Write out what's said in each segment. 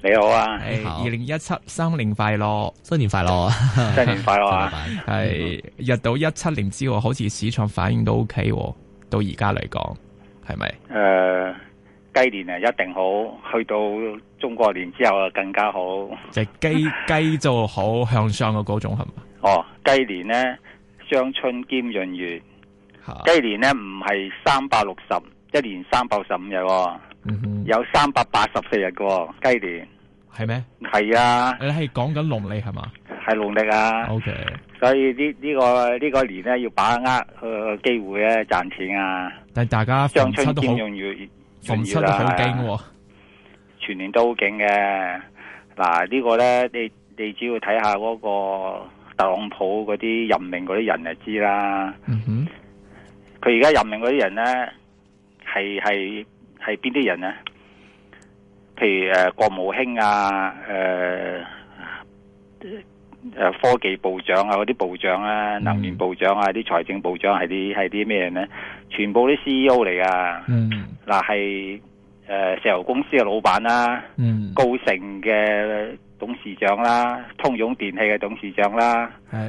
你好啊！二零一七新年快樂，新年快樂，新年快樂啊！係入到一七年之後，好似市場反應都 OK，、哦、到而家嚟講係咪？誒、呃，雞年啊一定好，去到中國年之後啊更加好，即係雞雞就好 向上嘅嗰種係嘛？是哦，雞年咧，雙春兼閏月， 雞年咧唔係三百六十，不是 360, 一年三百六十五日、哦。Mm hmm. 有三百八十四日嘅雞年係咩？係嗎啊，你係講緊農曆係嘛？係農曆啊。O Okay . K，所以呢呢、這個呢、這個年咧，要把握誒機、呃、會咧賺錢啊！但係大家逢春容要都好、啊，逢春都好勁，全年都好勁嘅。嗱、啊，這個、呢個咧，你你只要睇下嗰個特朗普嗰啲任命嗰啲人就知啦。嗯哼、mm，佢而家任命嗰啲人咧，係係。係邊啲人咧、啊？譬如誒，國務卿啊，誒、呃、誒、呃，科技部長啊，嗰啲部長啊，嗯、能源部長啊，啲財政部長係啲係啲咩人咧？全部啲 C E O 嚟噶。嗱、嗯，係誒、啊呃、石油公司嘅老闆啦、啊，嗯、高盛嘅董事長啦、啊，通用電器嘅董事長啦、啊，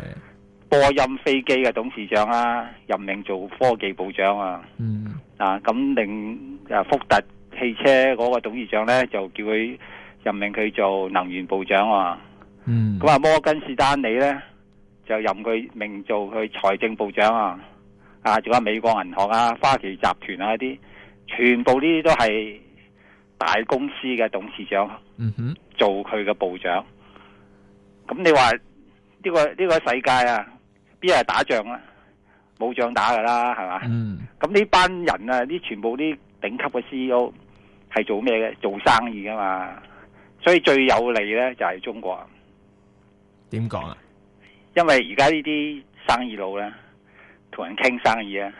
波音飛機嘅董事長啦、啊，任命做科技部長啊。嗱、嗯，咁、啊、令。啊！福特汽車嗰個董事長咧就叫佢任命佢做能源部長啊！嗯、mm，咁、hmm. 啊摩根士丹利咧就任佢命做佢財政部長啊！啊，仲有美國銀行啊、花旗集團啊啲，全部呢啲都係大公司嘅董事長，哼、mm，hmm. 做佢嘅部長。咁你話呢、這個呢、這個世界啊，邊係打仗啊？冇仗打噶啦，係嘛？嗯、mm，咁、hmm. 呢班人啊，呢全部啲。頂級嘅 CEO 係做咩嘅？做生意噶嘛，所以最有利咧就係中國。點講啊？因為而家呢啲生意佬咧，同人傾生意啊，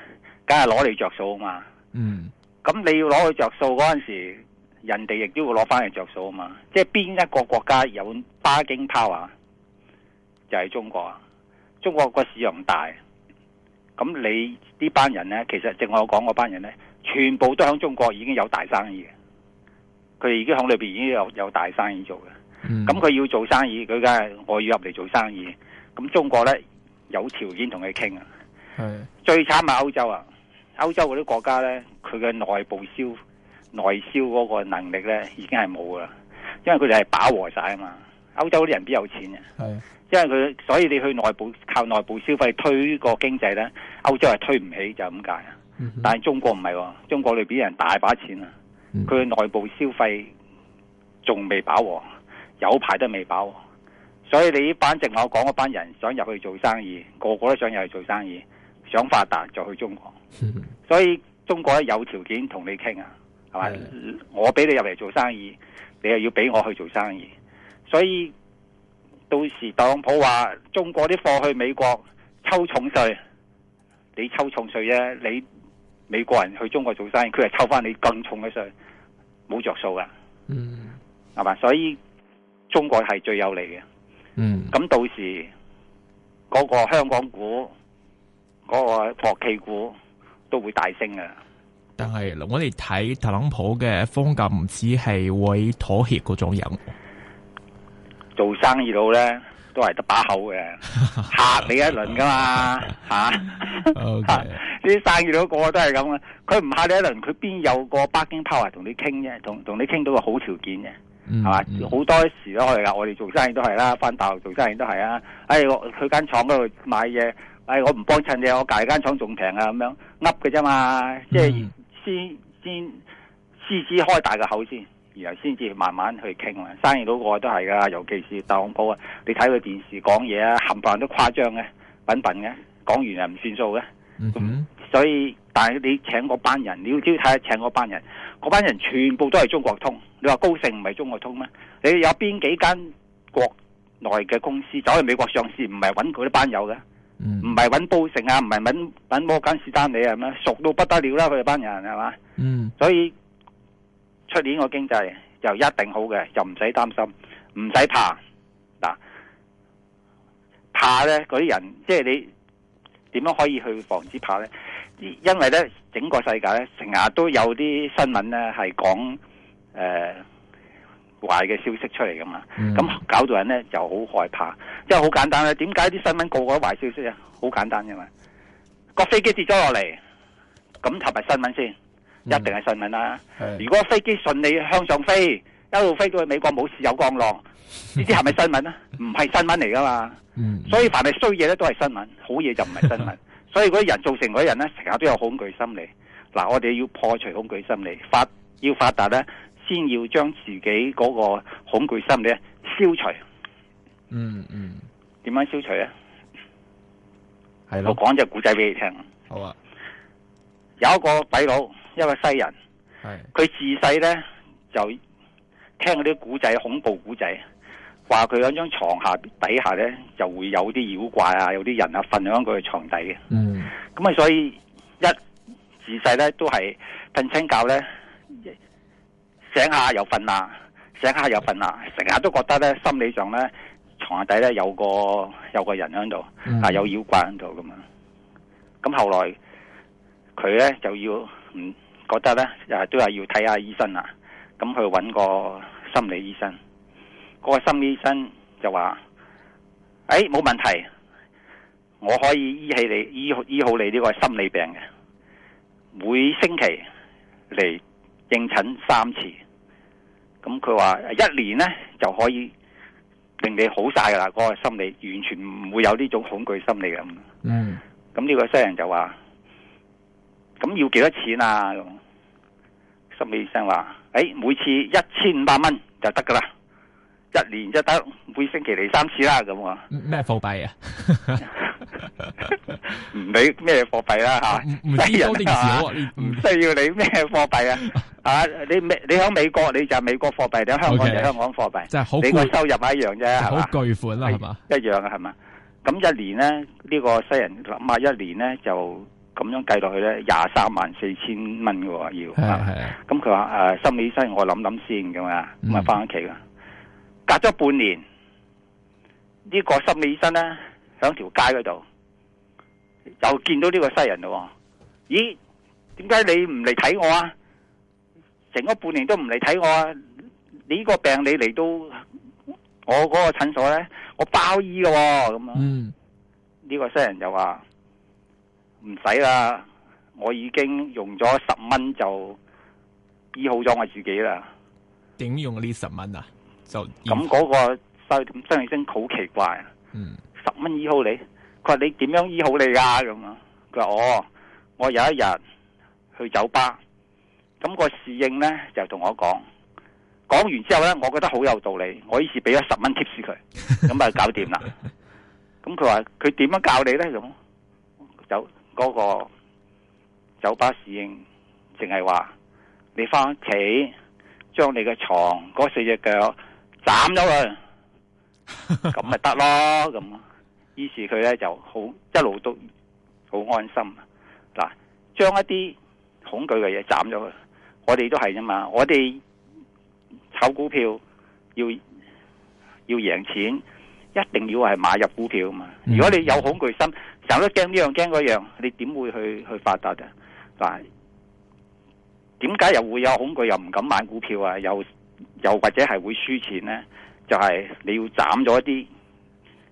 梗係攞你着數啊嘛。嗯，咁你要攞佢着數嗰陣時，人哋亦都會攞翻嚟着數啊嘛。即係邊一個國家有巴金 power，就係中國啊。中國個市又唔大，咁你呢班人咧，其實正我講嗰班人咧。全部都喺中國已經有大生意嘅，佢哋已經喺裏邊已經有有大生意做嘅。咁佢、嗯、要做生意，佢梗係我要入嚟做生意。咁中國呢，有條件同佢傾啊。是最慘係歐洲啊，歐洲嗰啲國家呢，佢嘅內部消內銷嗰個能力呢，已經係冇噶啦。因為佢哋係飽和晒啊嘛。歐洲嗰啲人比較有錢嘅，是因為佢，所以你去內部靠內部消費推個經濟呢，歐洲係推唔起，就咁解但係中國唔係、哦，中國你俾人大把錢啊！佢內部消費仲未飽和，有排都未飽和。所以你班淨我講嗰班人想入去做生意，個個都想入去做生意，想發達就去中國。所以中國有條件同你傾啊，係嘛？的我俾你入嚟做生意，你又要俾我去做生意，所以到時特朗普話中國啲貨去美國抽重稅，你抽重稅啫，你。美國人去中國做生意，佢係抽翻你更重嘅稅，冇着數噶，係嘛、嗯？所以中國係最有利嘅。嗯，咁到時嗰、那個香港股、嗰、那個國企股都會大升嘅。但係，我哋睇特朗普嘅風格唔似係會妥協嗰種人，做生意佬咧。都係得把口嘅，嚇你一輪噶嘛，吓！啲生意佬個個都係咁嘅，佢唔嚇你一輪，佢邊有個北京炮嚟同你傾啫，同同你傾到個好條件嘅，係嘛？好多時都係噶，我哋做生意都係啦，翻大陸做生意都係啊！哎，我去間廠度買嘢，哎，我唔幫襯你，我隔間廠仲平啊，咁樣噏嘅啫嘛，嗯、即係先先先開大個口先。然後先至慢慢去傾啊！生意嗰個都係㗎，尤其是特朗普啊！你睇佢電視講嘢啊，冚唪唥都誇張嘅，搵笨嘅，講完又唔算數嘅。嗯、mm，hmm. 所以但係你請嗰班人，你要只要睇下請嗰班人，嗰班人全部都係中國通。你話高盛唔係中國通咩？你有邊幾間國內嘅公司走去美國上市，唔係揾佢啲班友嘅？唔係揾高盛啊，唔係揾摩根士丹利啊？咁熟到不得了啦！佢哋班人係嘛？嗯，mm hmm. 所以。出年個經濟又一定好嘅，又唔使擔心，唔使怕。嗱、啊，怕呢嗰啲人，即係你點樣可以去防止怕呢？因為呢，整個世界呢成日都有啲新聞呢係講誒壞嘅消息出嚟噶嘛，咁、嗯、搞到人呢就好害怕。即係好簡單啦，點解啲新聞個個都壞消息啊？好簡單啫嘛，個飛機跌咗落嚟，咁係咪新聞先？一定係新聞啦、啊！嗯、如果飛機順利向上飛，的一路飛到去美國冇事，有降落呢啲係咪新聞啊？唔係 新聞嚟噶嘛！嗯、所以凡係衰嘢咧都係新聞，好嘢就唔係新聞。嗯、所以嗰啲人造成嗰啲人咧成日都有恐懼心理。嗱，我哋要破除恐懼心理，發要發達咧，先要將自己嗰個恐懼心理消除。嗯嗯，點、嗯、樣消除啊？係咯的，我講隻古仔俾你聽。好啊，有一個鬼佬。一個西人，佢自細咧就聽嗰啲古仔，恐怖古仔，話佢有張床下底下咧，就會有啲妖怪啊，有啲人啊瞓響佢嘅床底嘅。咁啊、嗯，所以一自細咧都係瞓清覺咧，醒下又瞓啦，醒下又瞓啦，成日都覺得咧心理上咧床下底咧有個有個人響度，嗯、啊有妖怪響度噶嘛。咁後來佢咧就要唔。嗯覺得咧又都係要睇下醫生啦，咁去揾個心理醫生，嗰個心理醫生就話：，誒冇問題，我可以醫起你醫醫好你呢個心理病嘅。每星期嚟應診三次，咁佢話一年咧就可以令你好晒噶啦嗰個心理完全唔會有呢種恐懼心理咁。嗯，咁呢個西人就話：，咁要幾多錢啊？心理醫生話：，誒、哎，每次一千五百蚊就得噶啦，一年就得每星期嚟三次啦，咁啊。咩貨幣啊？唔 理咩貨幣啦吓，唔需要啊，唔需要你咩貨幣啊？啊，你美、啊 啊、你喺美國你就美國貨幣，你喺香港就香港貨幣，即係好。你個收入一樣啫，係嘛？吧就巨款啦，係嘛是？吧一樣啊，係嘛？咁一年咧，呢、呢個西人諗下，一年咧就。咁樣計落去咧，廿三萬四千蚊嘅喎，要係啊，咁佢話誒，呃、心理醫生我諗諗先咁啊，咁啊，翻屋企啦，嗯、隔咗半年，呢個心理醫生咧，響條街嗰度，又見到呢個西人咯，咦，點解你唔嚟睇我啊？成咗半年都唔嚟睇我啊？你呢個病你嚟到我嗰個診所咧，我包醫嘅喎、哦，咁啊，呢、嗯、個西人就話。唔使啦，我已經用咗十蚊就醫好咗我自己啦。點用呢十蚊啊？就咁嗰個收意收銀好奇怪啊！嗯，十蚊醫好你？佢話你點樣醫好你噶咁啊？佢話我我有一日去酒吧，咁個侍應咧就同我講，講完之後咧，我覺得好有道理。我於是俾咗十蚊 tips 佢，咁就搞掂啦。咁佢話佢點樣教你咧咁？走嗰個酒吧侍應淨係話你翻屋企將你嘅床嗰四隻腳斬咗佢，咁咪得咯。咁，於是佢咧就好一路都好安心。嗱，將一啲恐懼嘅嘢斬咗佢。我哋都係啫嘛，我哋炒股票要要贏錢，一定要係買入股票啊嘛。如果你有恐懼心，賺得驚呢樣驚嗰樣，你點會去去發達嘅？嗱，點解又會有恐懼，又唔敢買股票啊？又又或者係會輸錢咧？就係、是、你要斬咗一啲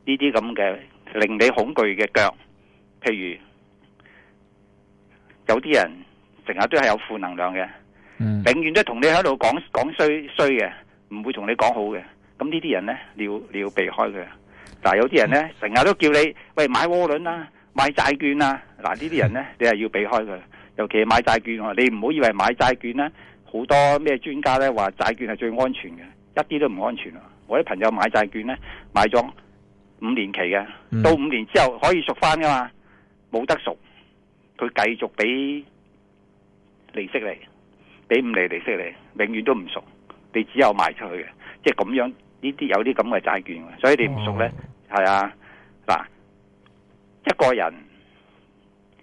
呢啲咁嘅令你恐懼嘅腳，譬如有啲人成日都係有負能量嘅，永遠都同你喺度講講衰衰嘅，唔會同你講好嘅。咁呢啲人咧，你要你要,你要避開佢。但有啲人咧成日都叫你喂買窩輪啦、買債、啊、券啦、啊，嗱呢啲人咧你係要避開佢。尤其係買債券、啊，你唔好以為買債券咧、啊、好多咩專家咧話債券係最安全嘅，一啲都唔安全啊！我啲朋友買債券咧買咗五年期嘅，到五年之後可以贖翻噶嘛，冇得贖，佢繼續俾利息你，俾五厘利息你，永遠都唔贖，你只有賣出去嘅，即係咁樣。呢啲有啲咁嘅債券，所以你唔熟呢，係、嗯、啊，嗱，一個人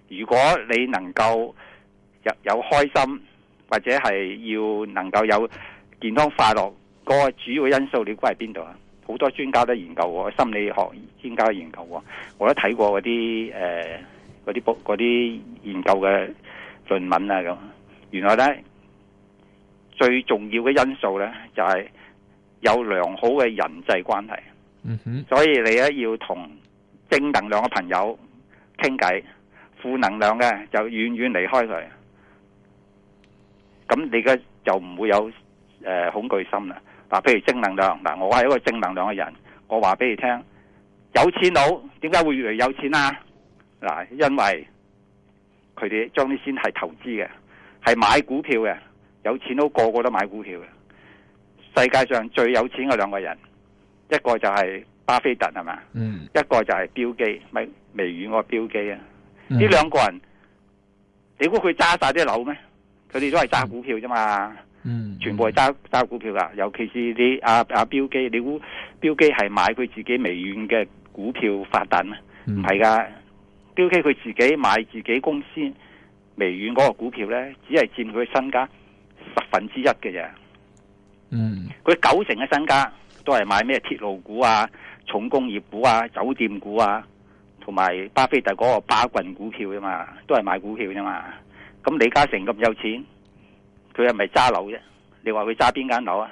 如果你能夠有開開心，或者係要能夠有健康快樂，嗰、嗰個主要嘅因素你，你估係邊度啊？好多專家都研究喎，心理學專家都研究喎，我都睇過嗰啲誒嗰啲啲研究嘅論文啊咁。原來呢，最重要嘅因素呢，就係、是。有良好嘅人際關係，所以你咧要同正能量嘅朋友傾偈，負能量嘅就遠遠離開佢。咁你家就唔會有誒恐懼心啦。嗱，譬如正能量，嗱，我係一個正能量嘅人，我話俾你聽，有錢佬點解會越嚟越有錢啊？嗱，因為佢哋將啲錢係投資嘅，係買股票嘅，有錢佬個個個都買股票嘅。世界上最有錢嘅兩個人，一個就係巴菲特係嘛，是。嗯、一個就係標基咪微軟嗰個標基啊！呢、嗯、兩個人，你估佢揸晒啲樓咩？佢哋都係揸股票啫嘛，嗯、全部係揸揸股票噶嗯、尤其是啲阿阿標基，你估標基係買佢自己微軟嘅股票發達啊？唔係噶標基佢自己買自己公司微軟嗰個股票咧，只係佔佢身家十分之一嘅啫。嗯，佢九成嘅身家都係買咩鐵路股啊、重工業股啊、酒店股啊，同埋巴菲特嗰個巴郡股票啫嘛，都係買股票啫嘛。咁李嘉誠咁有錢，佢係咪揸樓啫？你話佢揸邊間樓啊？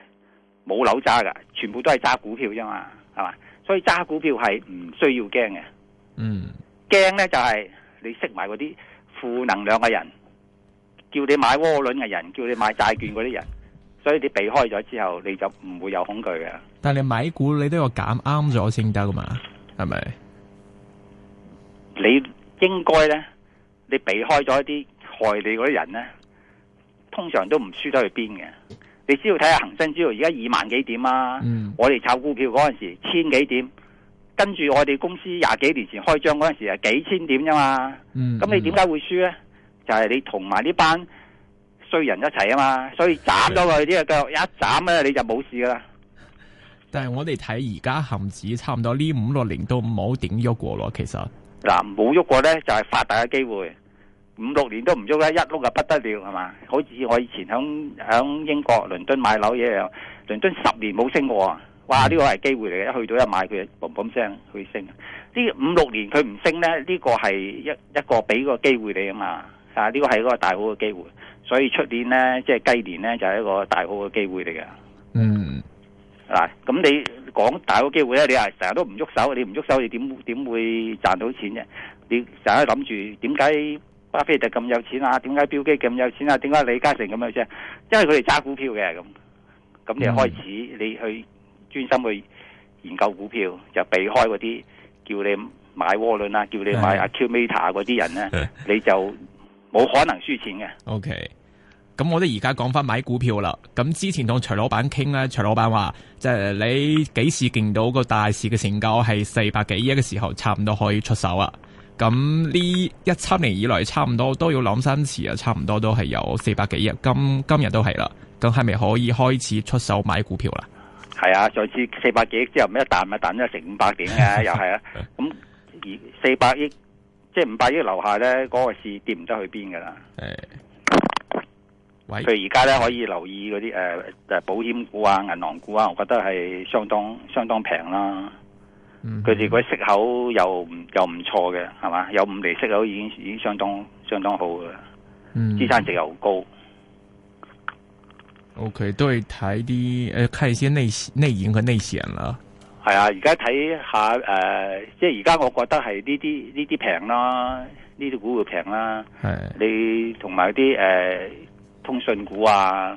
冇樓揸噶，全部都係揸股票啫嘛，係嘛？所以揸股票係唔需要驚嘅。嗯，驚呢就係你識埋嗰啲負能量嘅人，叫你買渦輪嘅人，叫你買債券嗰啲人。嗯所以你避開咗之後，你就唔會有恐懼嘅。但係你買股，你都要揀啱咗先得㗎嘛，係咪？你應該呢，你避開咗一啲害你嗰啲人呢，通常都唔輸得去邊嘅。你只要睇下恒生指數，而家二萬幾點啊？我哋炒股票嗰陣時千幾點，跟住我哋公司廿幾年前開張嗰陣時係幾千點啫嘛。嗯，咁你點解會輸呢？就係、是、你同埋呢班。衰人一齊啊嘛，所以斬咗佢呢個腳一斬咧，你就冇事噶啦。但係我哋睇而家恒指差唔多呢五六年都冇點喐過咯。其實嗱冇喐過咧，就係發達嘅機會。五六年都唔喐咧，一喐就不得了係嘛。好似我以前響響英國倫敦買樓一樣，倫敦十年冇升過，哇，呢個係機會嚟嘅。一去到一買佢就嘭嘭聲去升。呢五六年佢唔升咧，呢個係一一個俾個機會你啊嘛，啊呢個係一個大好嘅機會。所以出年咧，即係雞年咧，就係、是就是、一個大好嘅機會嚟嘅。嗯，嗱、啊，咁你講大好機會咧，你係成日都唔喐手，你唔喐手，你點點會賺到錢啫？你成日諗住點解巴菲特咁有錢啊？點解標基咁有錢啊？點解李嘉誠咁樣啫？因為佢哋揸股票嘅咁，咁你開始你去專、嗯、心去研究股票，就避開嗰啲叫你買窩輪啊，的叫你買 Accumulator 嗰啲人咧，是的 你就冇可能輸錢嘅。O K。咁我哋而家講翻買股票啦。咁之前同徐老闆傾咧，徐老闆話即係你幾時見到個大市嘅成交係四百幾億嘅時候，差唔多可以出手啊。咁呢一七年以來差不，差唔多都要諗三次啊，差唔多都係有四百幾億。今今日都係啦。咁係咪可以開始出手買股票啦？係啊，上次四百幾億之後咩一彈一彈咗成五百點嘅、啊，又係啊。咁而四百億即係五百億樓下咧，嗰、嗰個市跌唔得去邊噶啦。佢而家咧可以留意嗰啲、呃、保險股啊、銀行股啊，我覺得係相當相當平啦。佢哋個息口又又唔錯嘅，係嘛？有五厘息口已經已經相當相當好嘅，嗯、資產值又高。O K，都係睇啲看一些內、呃、內，內銀和內險啦。係啊，而家睇下誒、呃，即係而家我覺得係呢啲呢啲平啦，呢啲股會平啦。係是你同埋啲誒。呃通訊股啊，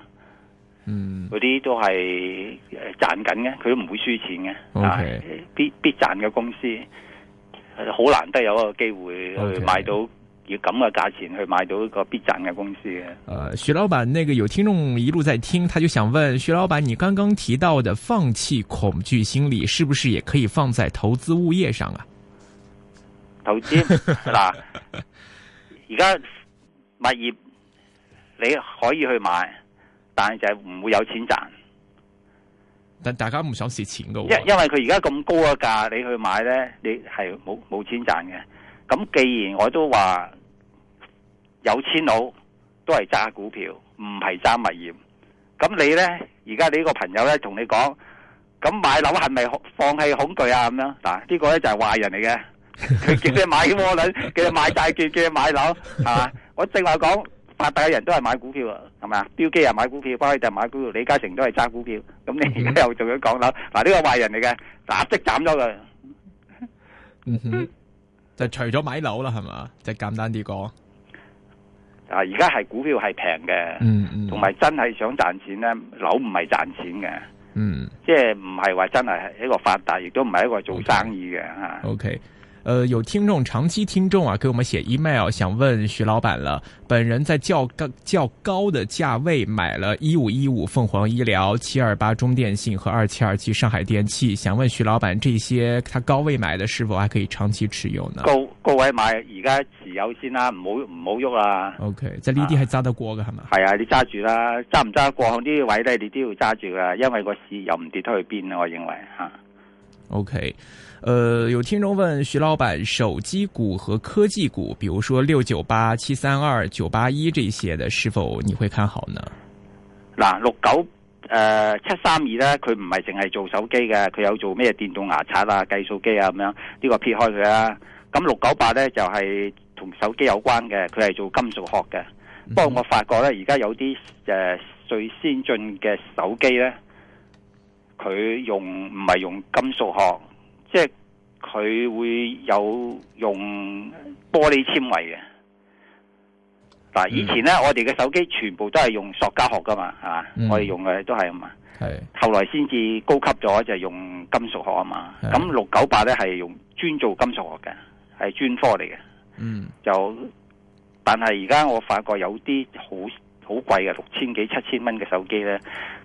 嗯，嗰啲都係賺緊嘅，佢都唔會輸錢嘅，係 Okay.、啊、必必賺嘅公司，好、啊、難得有一個機會去買到要咁嘅價錢 Okay. 去買到一個必賺嘅公司嘅。誒、呃，徐老闆，那個有聽眾一路在聽，他就想問徐老闆，你剛剛提到的放棄恐懼心理，是不是也可以放在投資物業上啊？投資資嗱，而家物業。你可以去買，但係就係唔會有錢賺。但大家唔想蝕錢噶，因因為佢而家咁高嘅價，你去買咧，你係冇冇錢賺嘅。咁既然我都話有錢佬都係揸股票，唔係揸物業。咁你咧，而家你呢個朋友咧同你講，咁買樓係咪放棄恐懼啊？咁樣嗱，呢個咧就係壞人嚟嘅，佢叫你買窩輪，叫你買債券，叫你買樓，係嘛？我正話講。發達嘅人都係買股票啊，係咪啊？標基又買股票，翻去就係買股票。李嘉誠都係揸股票，咁你而家又做咗港樓，嗱呢個壞人嚟嘅，立即斬咗佢。嗯哼、mm，hmm. 就除咗買樓啦，係嘛？就簡單啲講，啊而家係股票係平嘅，嗯嗯、mm，同、hmm. 埋真係想賺錢咧，樓唔係賺錢嘅，嗯、mm，hmm. 即係唔係話真係一個發達，亦都唔係一個做生意嘅吓。O K。呃有聽眾長期聽眾啊，給我們寫 email，想問徐老闆了，本人在較高較高的價位買了一五一五鳳凰醫療、七二八中電信和二七二七上海電氣，想問徐老闆，這些他高位買的是否還可以長期持有呢？高高位買而家持有先啦、啊，唔好唔好喐啦。啊、OK，即係呢啲係揸得過嘅係嘛？係啊，嗎啊，你揸住啦、啊，揸唔揸得過呢啲位咧？你都要揸住啦、啊，因為個市又唔跌得去邊啊，我認為吓。啊 O K，誒，有聽眾問徐老闆，手機股和科技股，比如說六九八、七三二、九八一這些的，是否你會看好呢？嗱，六九誒、呃、七三二咧，佢唔係淨係做手機嘅，佢有做咩電動牙刷啊、計數機啊咁樣，呢、這個撇開佢啦、啊。咁、嗯、六九八咧就係、是、同手機有關嘅，佢係做金屬殼嘅。不過我發覺咧，而家有啲誒、呃、最先進嘅手機咧。佢用唔係用金屬殼，即係佢會有用玻璃纖維嘅。嗱，以前咧、mm. 我哋嘅手機全部都係用塑膠殼噶嘛，mm. 我哋用嘅都係啊嘛。係是。後來先至高級咗，就係、是、用金屬殼啊嘛。咁六九八咧係用專做金屬殼嘅，係專科嚟嘅。嗯。Mm. 就，但係而家我發覺有啲好。好貴嘅六千幾七千蚊嘅手機呢，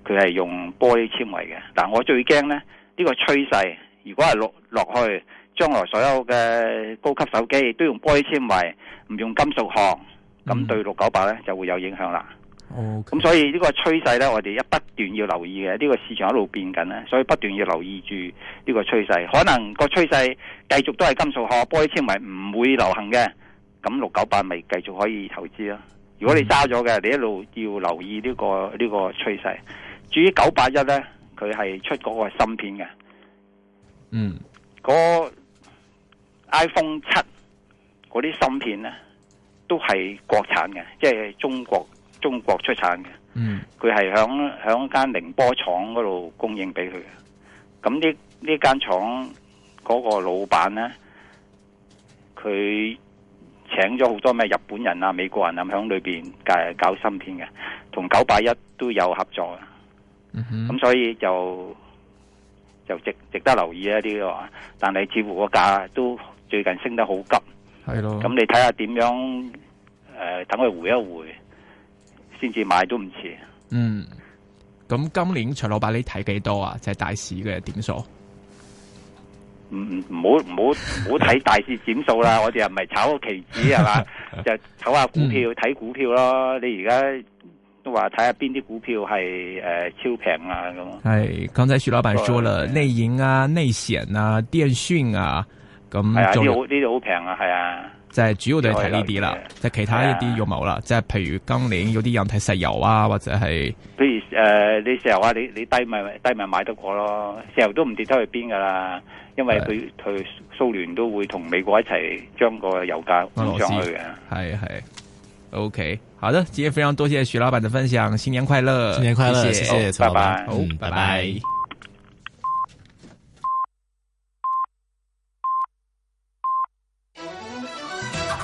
佢係用玻璃纖維嘅。但我最驚呢，呢、呢個趨勢，如果係落落去，將來所有嘅高級手機都用玻璃纖維，唔用金屬殼，咁對六九八呢就會有影響啦。哦，咁所以呢個趨勢呢，我哋一不斷要留意嘅。呢、呢個市場一路變緊呢，所以不斷要留意住呢個趨勢。可能個趨勢繼續都係金屬殼，玻璃纖維唔會流行嘅，咁六九八咪繼續可以投資咯。如果你揸咗嘅，你一路要留意呢個呢個趨勢。至於九八一呢，佢係出嗰個芯片嘅，嗯，嗰 iPhone 七嗰啲芯片呢，都係國產嘅，即係中國中國出產嘅，嗯它是在，佢係響響間寧波廠嗰度供應俾佢嘅。咁呢呢間廠嗰個老闆呢，佢。請咗好多咩日本人啊、美國人啊，響裏邊搞芯片嘅，同九八一都有合作啊。咁、嗯、哼所以就就值值得留意一啲咯、這個。但係似乎個價都最近升得好急，係咯的。咁你睇下點樣誒，等、呃、佢回一回先至買都唔遲。嗯，咁今年徐老闆你睇幾多啊？就係、是、大市嘅點數。唔唔好唔好唔好睇大市指數啦， 我哋又唔係炒期指係嘛，就炒下股票睇 股票咯。你而家都話睇下邊啲股票係誒、呃、超平啊咁。係，剛才徐老闆說了、嗯、內營啊、內險啊、電訊啊，咁呢啲好呢啲好平啊，係啊。即係主要都係睇呢啲啦，即係其他一啲欲望啦，即係的譬如今年有啲人睇石油啊，或者係，譬如誒、呃，你石油啊，你你低咪低咪買得過咯，石油都唔跌得去邊噶啦，因為佢佢蘇聯都會同美國一齊將個油價推上去嘅。係係、嗯、，OK，好的，今日非常多謝徐老闆嘅分享，新年快樂，新年快樂，謝謝，拜拜，好、嗯，拜拜。嗯 bye bye。